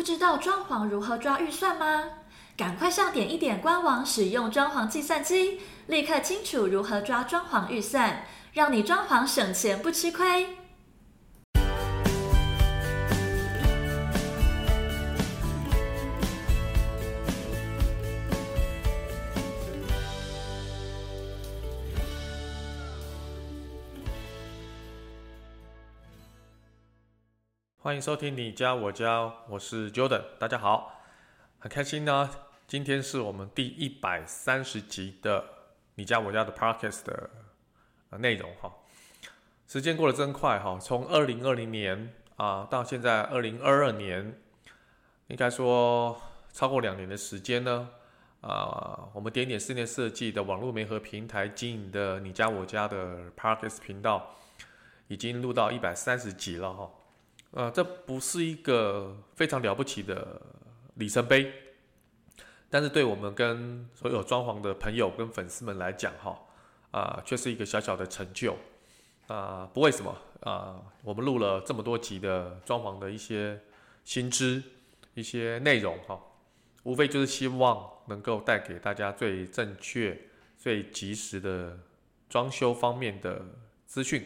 不知道裝潢如何抓預算嗎？趕快上點一點官網，使用裝潢計算機，立刻清楚如何抓裝潢預算，讓你裝潢省錢不吃虧。歡迎收聽你家我家，我是 Jordan。大家好，很開心呢，啊。今天是我們第一百三十集的你家我家的 Podcast 的內容哈。時間過得真快哈，從二零二零年啊到現在二零二二年，應該說超過兩年的時間呢啊。我們點點室內設計的網絡媒合平台經營的你家我家的 Podcast 頻道，已經錄到一百三十集了哈。呃，這不是一個非常了不起的里程碑，但是對我們跟所有裝潢的朋友跟粉絲們來講，哈，啊，卻是一個小小的成就。啊、呃，不為什麼啊、呃，我們錄了這麼多集的裝潢的一些新知、一些內容，哈，無非就是希望能夠帶給大家最正確、最及時的裝修方面的資訊。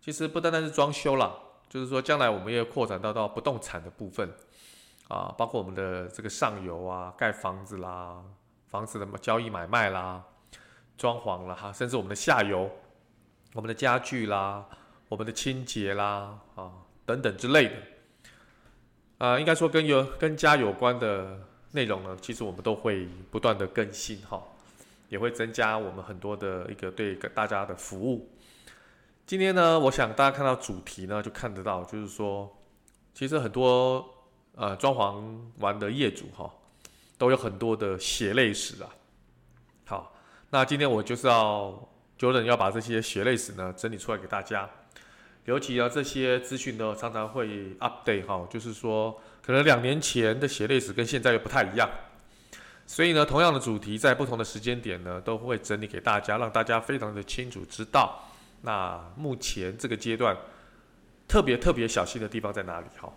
其實不單單是裝修啦。就是說，將來我們要擴展到到不動產的部分，啊，包括我們的這個上游啊，蓋房子啦，房子的交易買賣啦，裝潢啦哈，啊，甚至我們的下游，我們的家具啦，我們的清潔啦，啊，等等之類的，啊，應該說跟有跟家有關的內容呢，其實我們都會不斷的更新哈，也會增加我們很多的一個對大家的服務。今天呢，我想大家看到主題呢，就看得到，就是說，其實很多呃裝潢完的業主哈，都有很多的血淚史啊。好，那今天我就是要 Jordan 要把這些血淚史呢整理出來給大家，尤其呢這些資訊呢常常會 update 哈，就是說可能兩年前的血淚史跟現在又不太一樣，所以呢同樣的主題在不同的時間點呢都會整理給大家，讓大家非常的清楚知道。那目前這個階段，特別特別小心的地方在哪裡？哈，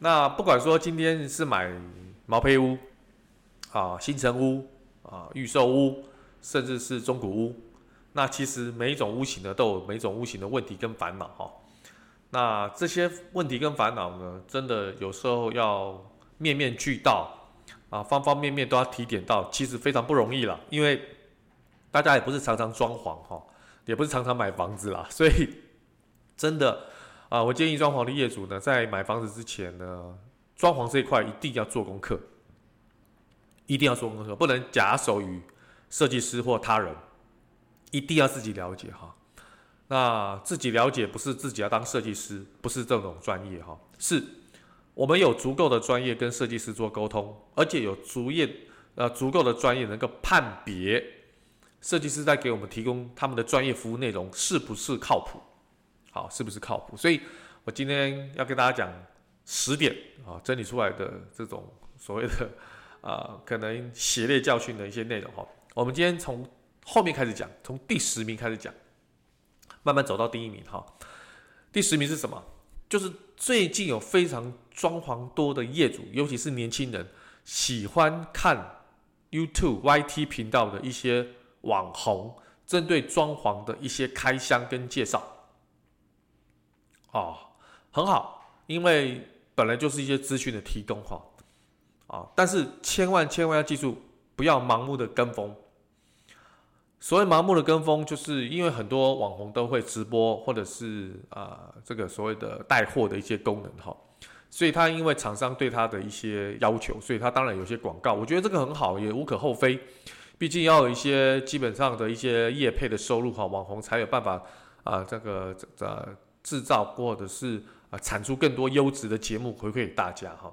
那不管說今天是買毛坯屋，啊，新成屋，啊，預售屋，甚至是中古屋，那其實每一種屋型呢，都有每一種屋型的問題跟煩惱哈。那這些問題跟煩惱呢，真的有時候要面面俱到啊，方方面面都要提點到，其實非常不容易了，因為大家也不是常常裝潢哈。也不是常常買房子啦，所以真的啊，我建議裝潢的業主呢，在買房子之前呢，裝潢這一塊一定要做功課，一定要做功課，不能假手於設計師或他人，一定要自己了解哈。那自己了解不是自己要當設計師，不是這種專業哈，是我們有足夠的專業跟設計師做溝通，而且有足業，呃，足夠的專業能夠判別。設計師在給我們提供他們的專業服務內容是不是靠譜？好，是不是靠譜？所以我今天要跟大家講十點啊，整理出來的這種所謂的啊、呃，可能血淚教訓的一些內容哈。我們今天從後面開始講，從第十名開始講，慢慢走到第一名哈。第十名是什麼？就是最近有非常裝潢多的業主，尤其是年輕人，喜歡看 YouTube、YT 頻道的一些。網紅針對裝潢的一些開箱跟介紹，哦，很好，因為本來就是一些資訊的提供哈，啊、哦，但是千萬千萬要記住，不要盲目的跟風。所謂盲目的跟風，就是因為很多網紅都會直播或者是啊、呃，這個所謂的帶貨的一些功能哈、哦，所以他因為廠商對他的一些要求，所以他當然有些廣告，我覺得這個很好，也無可厚非。畢竟要有一些基本上的一些業配的收入哈，網紅才有辦法啊、呃，這個這、呃、製造或者是啊、呃、產出更多優質的節目回饋給大家哈。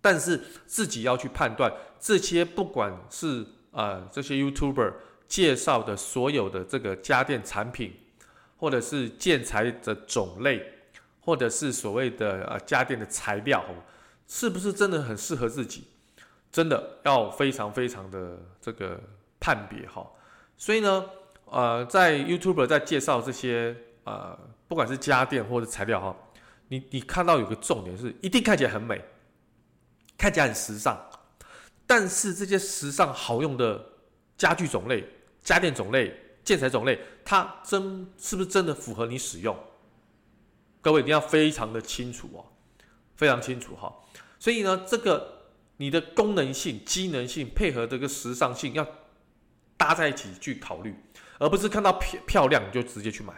但是自己要去判斷這些不管是啊、呃、這些 YouTuber 介紹的所有的這個家電產品，或者是建材的種類，或者是所謂的啊、呃、家電的材料，是不是真的很適合自己？真的要非常非常的這個判別哈，所以呢，呃，在 YouTuber 在介紹這些呃，不管是家電或者材料哈，你你看到有個重點是，一定看起來很美，看起來很時尚，但是這些時尚好用的家具種類、家電種類、建材種類，它真是不是真的符合你使用？各位一定要非常的清楚哦、啊，非常清楚哈，所以呢，這個。你的功能性、機能性配合這個時尚性，要搭在一起去考慮，而不是看到漂漂亮你就直接去買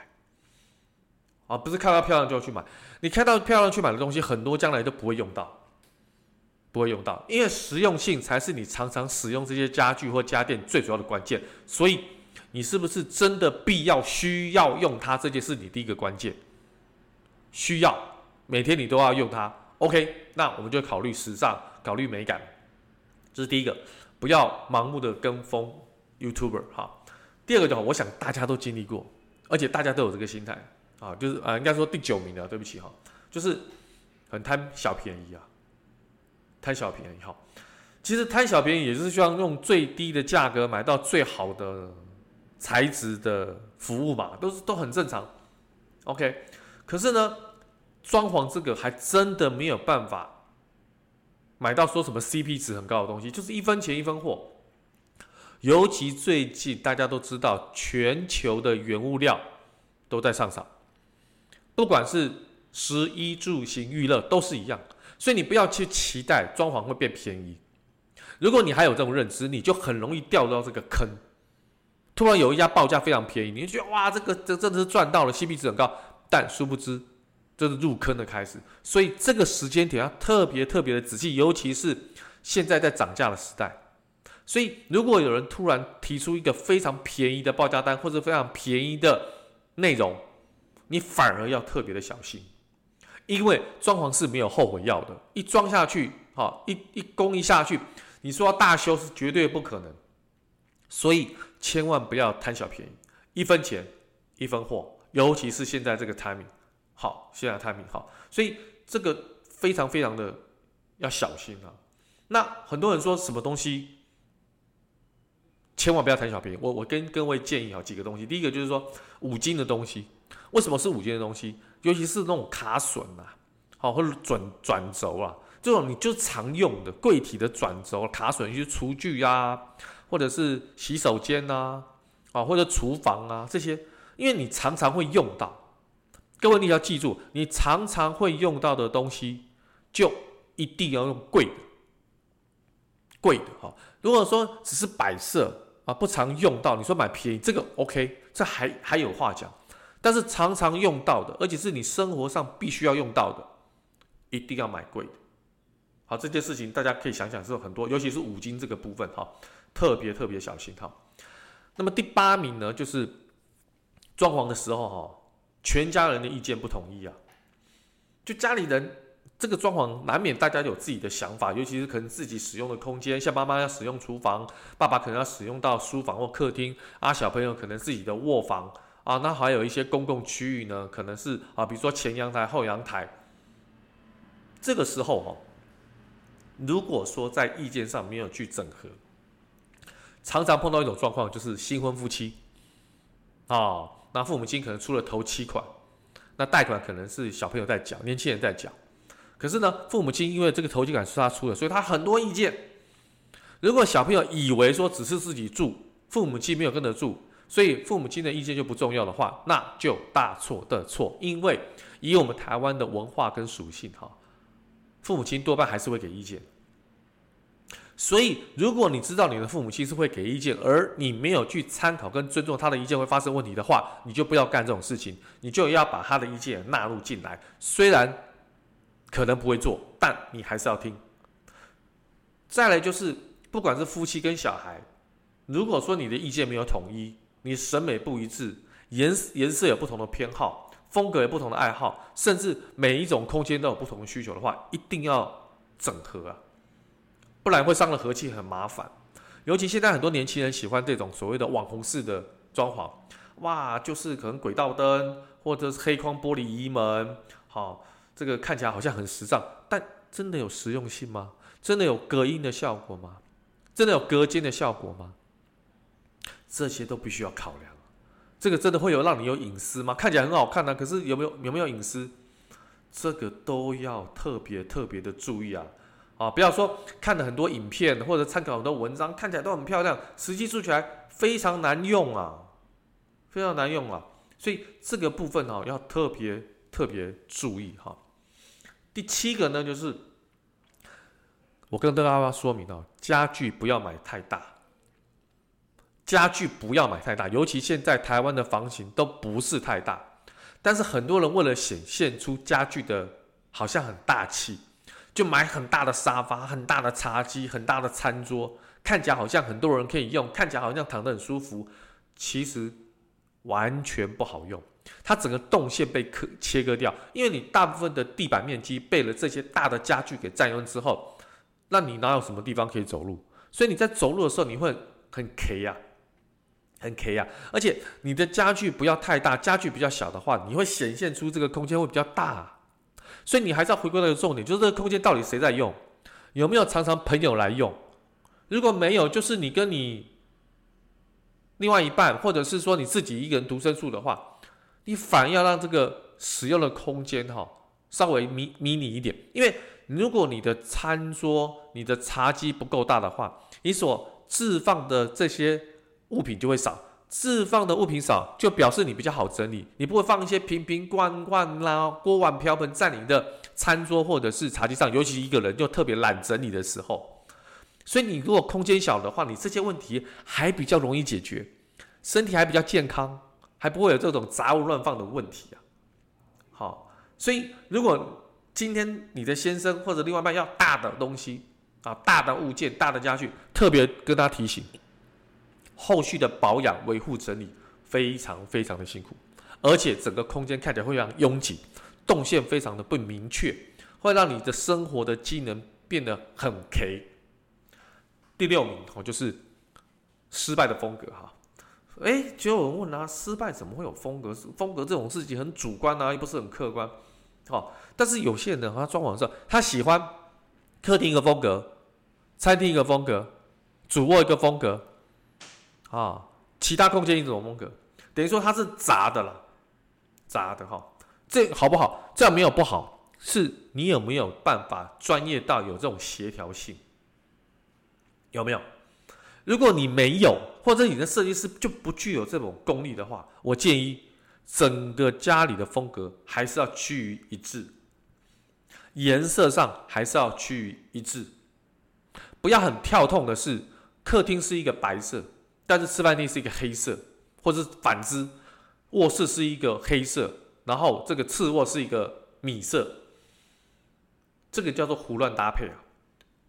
啊，不是看到漂亮就去買。你看到漂亮去買的東西，很多將來都不會用到，不會用到，因為實用性才是你常常使用這些家具或家電最主要的關鍵。所以，你是不是真的必要需要用它？這件事你第一個關鍵，需要每天你都要用它。OK，那我們就考慮時尚，考慮美感，這，就是第一個，不要盲目的跟風 YouTuber 哈。第二個的話，我想大家都經歷過，而且大家都有這個心態啊，就是啊、呃，應該說第九名了，對不起哈，就是很貪小便宜啊，貪小便宜哈。其實貪小便宜也就是希望用最低的價格買到最好的材質的服務吧，都是都很正常。OK，可是呢？裝潢這個還真的沒有辦法買到說什麼 CP 值很高的東西，就是一分錢一分貨。尤其最近大家都知道，全球的原物料都在上漲，不管是食衣住行娛樂都是一樣。所以你不要去期待裝潢會變便宜。如果你還有這種認知，你就很容易掉到這個坑。突然有一家報價非常便宜，你就覺得哇，這個這個，真的是賺到了，CP 值很高。但殊不知。就是入坑的開始，所以這個時間點要特別特別的仔細，尤其是現在在漲價的時代，所以如果有人突然提出一個非常便宜的報價單或者非常便宜的內容，你反而要特別的小心，因為裝潢是沒有後悔藥的，一裝下去，哈，一一攻一下去，你說要大修是絕對不可能，所以千萬不要貪小便宜，一分錢一分貨，尤其是現在這個 timing。好，現在探平好，所以這個非常非常的要小心啊。那很多人說什麼東西，千萬不要貪小便宜。我我跟各位建議啊，幾個東西。第一個就是說五金的東西，為什麼是五金的東西？尤其是那種卡榫啊，好或者轉轉軸啊，這種你就常用的櫃體的轉軸、卡榫，就廚具啊，或者是洗手間啊，啊或者廚房啊這些，因為你常常會用到。各位，你要記住，你常常會用到的東西，就一定要用貴的，貴的哈。如果說只是擺設啊，不常用到，你說買便宜，這個 OK，這還還有話講。但是常常用到的，而且是你生活上必須要用到的，一定要買貴的。好，這件事情大家可以想想，是有很多，尤其是五金這個部分哈，特別特別小心哈。那麼第八名呢，就是裝潢的時候哈。全家人的意見不統一啊，就家裡人這個裝潢，難免大家有自己的想法，尤其是可能自己使用的空間，像媽媽要使用廚房，爸爸可能要使用到書房或客廳啊，小朋友可能自己的臥房啊，那還有一些公共區域呢，可能是啊，比如說前陽台、後陽台，這個時候哦、啊，如果說在意見上沒有去整合，常常碰到一種狀況，就是新婚夫妻啊。那父母親可能出了頭期款，那貸款可能是小朋友在繳，年輕人在繳。可是呢，父母親因為這個頭期款是他出的，所以他很多意見。如果小朋友以為說只是自己住，父母親沒有跟得住，所以父母親的意見就不重要的話，那就大錯特錯。因為以我們台灣的文化跟屬性，哈，父母親多半還是會給意見。所以，如果你知道你的父母親是會給意見，而你沒有去參考跟尊重他的意見會發生問題的話，你就不要幹這種事情，你就要把他的意見納入進來。雖然可能不會做，但你還是要聽。再來就是，不管是夫妻跟小孩，如果說你的意見沒有統一，你審美不一致，顏顏色有不同的偏好，風格有不同的愛好，甚至每一種空間都有不同的需求的話，一定要整合啊。不然會傷了和氣，很麻煩。尤其現在很多年輕人喜歡這種所謂的網紅式的裝潢，哇，就是可能軌道燈或者是黑框玻璃移門，好，哦，這個看起來好像很時尚，但真的有實用性嗎？真的有隔音的效果嗎？真的有隔間的效果嗎？這些都必須要考量。這個真的會有讓你有隱私嗎？看起來很好看啊。可是有沒有，有沒有隱私？這個都要特別特別的注意啊。啊，不要說看了很多影片或者參考很多文章，看起來都很漂亮，實際做起來非常難用啊，非常難用啊，所以這個部分哦啊，要特別特別注意哈啊。第七個呢，就是我跟大家說明哦，家具不要買太大，家具不要買太大，尤其現在台灣的房型都不是太大，但是很多人為了顯現出家具的，好像很大氣。就買很大的沙發、很大的茶几、很大的餐桌，看起來好像很多人可以用，看起來好像躺得很舒服，其實完全不好用。它整個動線被切割掉，因為你大部分的地板面積被了這些大的家具給占用之後，那你哪有什麼地方可以走路？所以你在走路的時候，你會很卡呀、啊，很卡呀、啊。而且你的家具不要太大，家具比較小的話，你會顯現出這個空間會比較大。所以你還是要回歸那個重點，就是這個空間到底誰在用，有沒有常常朋友來用？如果沒有，就是你跟你另外一半，或者是說你自己一個人獨身住的話，你反而要讓這個使用的空間哈稍微迷迷你一點，因為如果你的餐桌、你的茶几不夠大的話，你所置放的這些物品就會少。釋放的物品少，就表示你比較好整理，你不會放一些瓶瓶罐罐啦、鍋碗瓢盆在你的餐桌或者是茶幾上，尤其一個人就特別懶整理的時候，所以你如果空間小的話，你這些問題還比較容易解決，身體還比較健康，還不會有這種雜物亂放的問題啊。好、哦，所以如果今天你的先生或者另外一半要大的東西啊、大的物件、大的家具，特別跟他提醒。後續的保養、維護、整理非常非常的辛苦，而且整個空間看起來會非常擁擠，動線非常的不明確，會讓你的生活的機能變得很 K。第六名哦，就是失敗的風格哈。哎、欸，就有人問他、啊，失敗怎麼會有風格？風格這種事情很主觀啊，又不是很客觀。哦，但是有些人他裝潢上，他喜歡客廳一個風格，餐廳一個風格，主臥一個風格。啊、哦，其他空間一種風格，等於說它是雜的啦，雜的哈，這好不好？這樣沒有不好，是你有沒有辦法專業到有這種協調性？有沒有？如果你沒有，或者你的設計師就不具有這種功力的話，我建議整個家裡的風格還是要趨於一致，顏色上還是要趨於一致，不要很跳痛的是，客廳是一個白色，但是吃飯廳是一個黑色，或者是反之，臥室是一個黑色，然後這個次臥是一個米色，這個叫做胡亂搭配啊，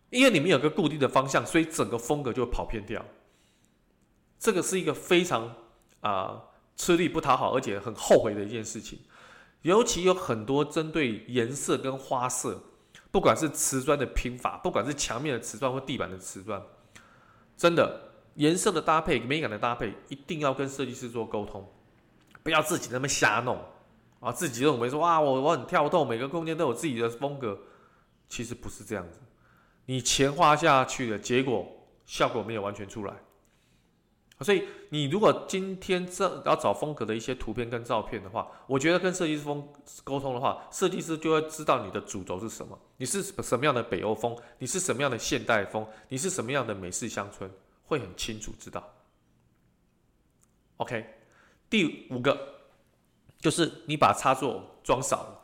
因為你們有個固定的方向，所以整個風格就會跑偏掉。這個是一個非常啊、呃、吃力不討好，而且很後悔的一件事情。尤其有很多針對顏色跟花色，不管是瓷磚的拼法，不管是牆面的瓷磚或地板的瓷磚，真的。顏色的搭配、美感的搭配，一定要跟設計師做溝通，不要自己那麼瞎弄啊！自己認為說哇，我我很跳動，每個空間都有自己的風格，其實不是這樣子。你錢花下去了，結果效果沒有完全出來。所以，你如果今天這要找風格的一些圖片跟照片的話，我覺得跟設計師風溝通的話，設計師就會知道你的主軸是什麼，你是什麼樣的北歐風，你是什麼樣的現代風，你是什麼樣的美式鄉村。會很清楚知道。OK，第五個就是你把插座裝少了，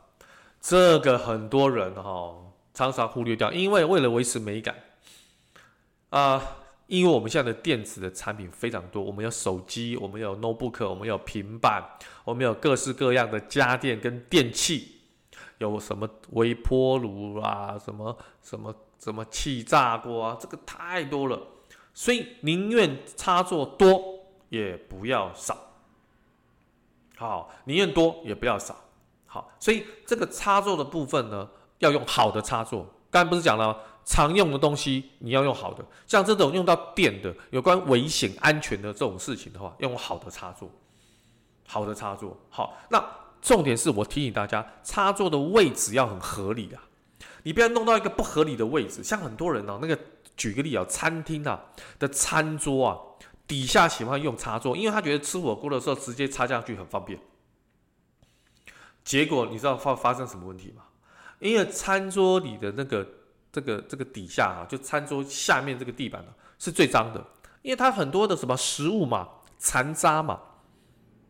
這個很多人哦，常常忽略掉，因為為了維持美感啊，因為我們現在的電子的產品非常多，我們有手機，我們有 notebook，我們有平板，我們有各式各樣的家電跟電器，有什麼微波爐啊，什麼什麼什麼氣炸鍋啊，這個太多了。所以寧願插座多也不要少，好，寧願多也不要少，好。所以這個插座的部分呢，要用好的插座。剛才不是講了嘛，常用的東西你要用好的，像這種用到電的、有關危險安全的這種事情的話，用好的插座，好的插座。好，那重點是我提醒大家，插座的位置要很合理的，你不要弄到一個不合理的位置。像很多人呢、哦，那個。舉個例啊，餐廳啊的餐桌啊底下喜歡用插座，因為他覺得吃火鍋的時候直接插上去很方便。結果你知道發發生什麼問題嗎？因為餐桌裡的那個這個這個底下啊，就餐桌下面這個地板啊，是最髒的，因為它很多的什麼食物嘛、殘渣嘛，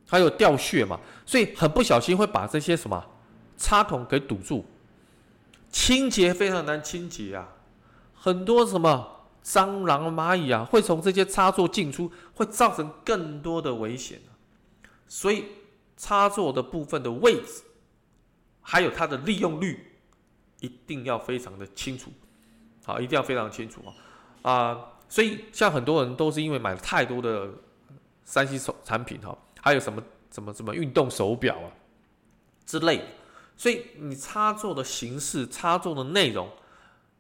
還有掉屑嘛，所以很不小心會把這些什麼插孔給堵住，清潔非常難清潔啊。很多什麼蟑螂、螞蟻啊，會從這些插座進出，會造成更多的危險啊！所以插座的部分的位置，還有它的利用率，一定要非常的清楚，好，一定要非常清楚啊！啊，所以像很多人都是因為買了太多的三 C 手產品哈、啊，還有什麼什麼什麼運動手錶啊之類的，所以你插座的形式、插座的內容。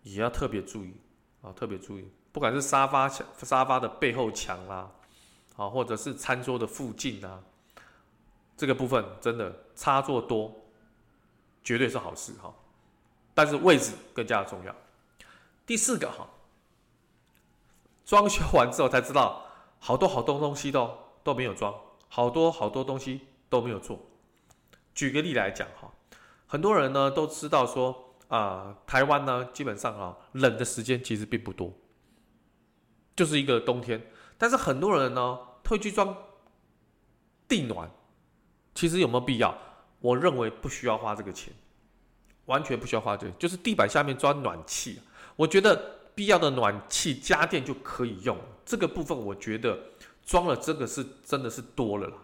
也要特別注意啊，特別注意，不管是沙發牆、沙發的背後牆啦，啊，或者是餐桌的附近啊，這個部分真的插座多，絕對是好事哈。但是位置更加重要。第四個哈，裝修完之後才知道，好多好多東西都都沒有裝，好多好多東西都沒有做。舉個例來講哈，很多人呢都知道說。啊、呃，台灣呢，基本上啊，冷的時間其實並不多，就是一個冬天。但是很多人呢，會去裝地暖，其實有沒有必要？我認為不需要花這個錢，完全不需要花這個，就是地板下面裝暖氣。我覺得必要的暖氣家電就可以用，這個部分我覺得裝了這個是真的是多了啦，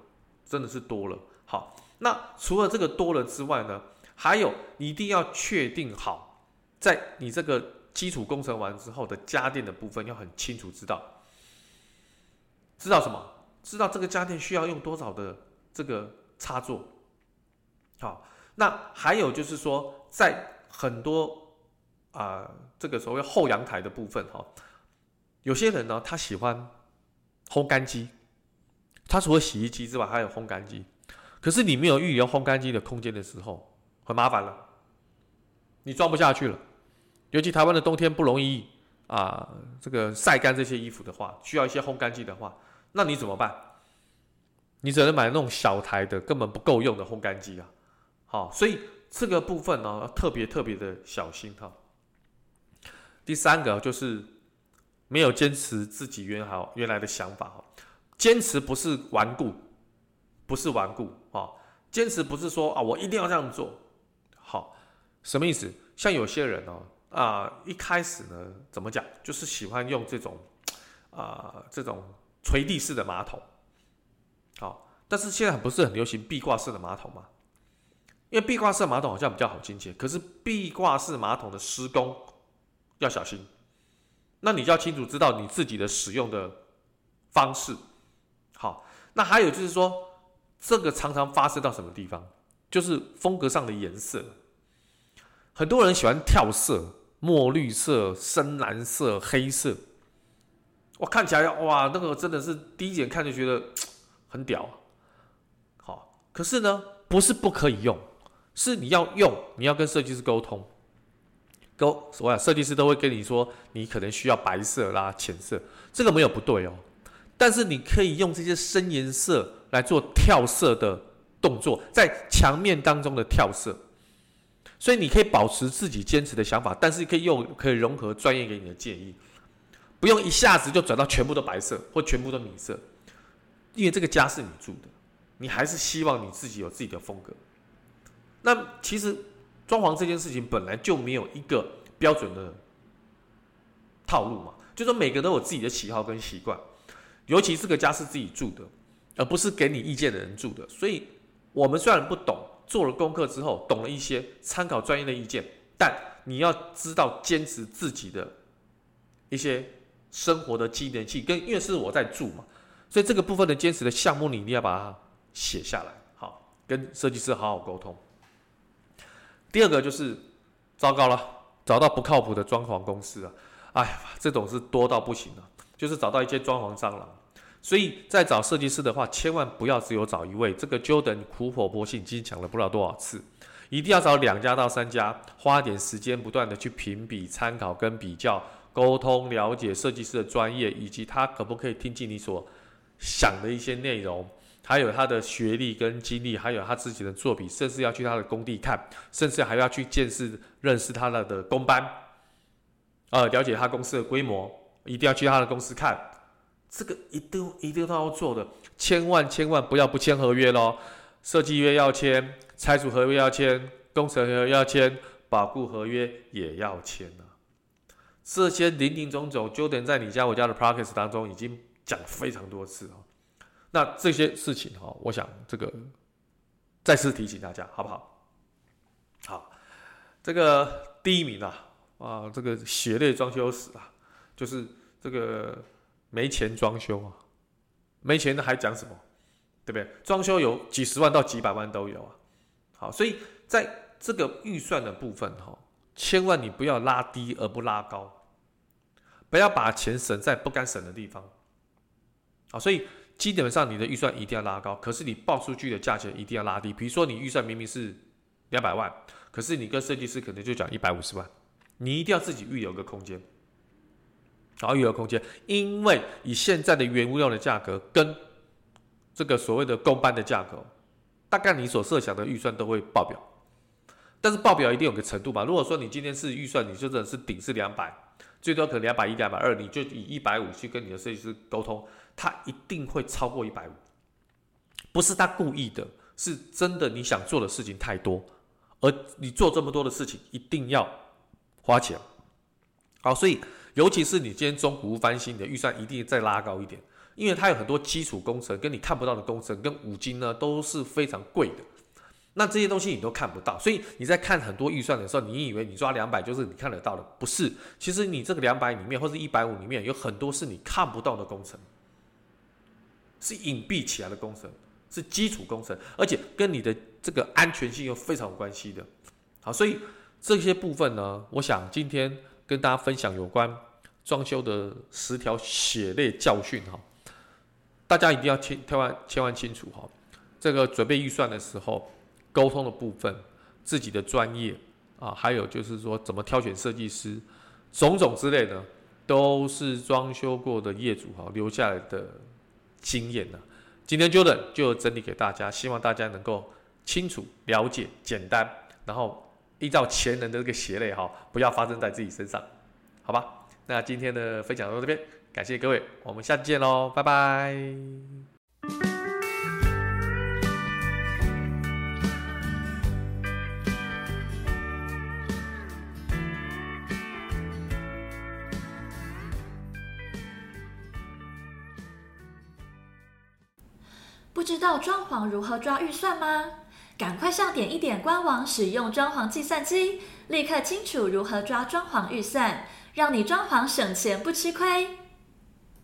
真的是多了。好，那除了這個多了之外呢？還有你一定要確定好，在你這個基礎工程完之後的家電的部分，要很清楚知道，知道什麼？知道這個家電需要用多少的這個插座。好，那還有就是說，在很多啊、呃，這個所謂後陽台的部分哈，有些人呢，他喜歡烘乾機，他除了洗衣機之外，還有烘乾機。可是你沒有預留烘乾機的空間的時候，很麻煩了，你裝不下去了。尤其台灣的冬天不容易啊，這個曬乾這些衣服的話，需要一些烘乾機的話，那你怎麼辦？你只能買那種小台的，根本不夠用的烘乾機啊。好、哦，所以這個部分呢、哦，特別特別的小心哈、哦。第三個就是沒有堅持自己原好原來的想法哈、哦。堅持不是頑固，不是頑固啊。堅持不是說啊，我一定要這樣做。什麼意思？像有些人哦啊、呃，一開始呢，怎麼講，就是喜歡用這種啊、呃、這種垂地式的馬桶，好、哦，但是現在不是很流行壁掛式的馬桶嗎？因為壁掛式馬桶好像比較好清潔，可是壁掛式馬桶的施工要小心，那你就要清楚知道你自己的使用的方式，好、哦，那還有就是說，這個常常發生到什麼地方？就是風格上的顏色。很多人喜歡跳色，墨綠色、深藍色、黑色，我看起來哇，那個真的是第一眼看就覺得很屌，好，可是呢，不是不可以用，是你要用，你要跟設計師溝通，溝，我想設計師都會跟你說，你可能需要白色啦、淺色，這個沒有不對哦，但是你可以用這些深顏色來做跳色的動作，在牆面當中的跳色。所以你可以保持自己堅持的想法，但是可以用，可以融合專業給你的建議，不用一下子就轉到全部都白色或全部都米色，因為這個家是你住的，你還是希望你自己有自己的風格。那其實裝潢這件事情本來就沒有一個標準的套路嘛，就說每個人都有自己的喜好跟習慣，尤其這個家是自己住的，而不是給你意見的人住的，所以我們雖然不懂。做了功課之後，懂了一些參考專業的意見，但你要知道堅持自己的一些生活的紀念性，跟因為是我在住嘛，所以這個部分的堅持的項目你一定要把它寫下來，好跟設計師好好溝通。第二個就是糟糕了，找到不靠譜的裝潢公司了，哎呀，這種是多到不行了，就是找到一些裝潢蟑螂。所以在找設計師的話，千萬不要只有找一位，這個 Jordan 苦口婆心，已經講了不知道多少次，一定要找兩家到三家，花點時間不斷的去評比、參考跟比較，溝通了解設計師的專業，以及他可不可以聽進你所想的一些內容，還有他的學歷跟經歷，還有他自己的作品，甚至要去他的工地看，甚至還要去見識認識他的的工班，呃，了解他公司的規模，一定要去他的公司看。這個一定一定要做的，千萬千萬不要不簽合約嘍！設計約要簽，拆除合約要簽，工程合約要簽，保固合約也要簽啊！這些林林總總，焦點在你家我家的 podcast 當中已經講了非常多次了。那這些事情哈，我想這個再次提醒大家，好不好？好，這個第一名啊，啊，這個血淚裝修史啊，就是這個。沒錢裝修啊，沒錢的還講什麼，對不對？裝修有幾十萬到幾百萬都有啊。好，所以在這個預算的部分哈，千萬你不要拉低而不拉高，不要把錢省在不該省的地方啊。所以基本上你的預算一定要拉高，可是你報出去的價錢一定要拉低。比如說你預算明明是兩百萬，可是你跟設計師可能就講一百五十萬，你一定要自己預留一個空間。然後預留空間，因為以現在的原物料的價格跟這個所謂的工班的價格，大概你所設想的預算都會爆表。但是爆表一定有個程度吧？如果說你今天是預算，你就真的是頂是兩百，最多可能兩百一、兩百二，你就以一百五去跟你的設計師溝通，他一定會超過一百五，不是他故意的，是真的。你想做的事情太多，而你做這麼多的事情一定要花錢。好，所以。尤其是你今天中古屋翻新的預算一定再拉高一點，因為它有很多基礎工程跟你看不到的工程跟五金呢都是非常貴的。那這些東西你都看不到，所以你在看很多預算的時候，你以為你抓兩百就是你看得到的，不是。其實你這個兩百裡面或是一百五裡面有很多是你看不到的工程，是隱蔽起來的工程，是基礎工程，而且跟你的這個安全性又非常有關係的。好，所以這些部分呢，我想今天。跟大家分享有關裝修的十條血淚教訓哈，大家一定要千千萬千萬清楚哈，這個準備預算的時候，溝通的部分，自己的專業啊，還有就是說怎麼挑選設計師，種種之類的，都是裝修過的業主哈留下來的經驗呢。今天 Jordan 就整理給大家，希望大家能夠清楚了解、簡單，然後。依照前人的這個血淚哈，不要發生在自己身上，好吧？那今天的分享到這邊，感謝各位，我們下次見嘍，拜拜。不知道裝潢如何抓預算嗎？趕快上點一點官網，使用裝潢計算機，立刻清楚如何抓裝潢預算，讓你裝潢省錢不吃虧。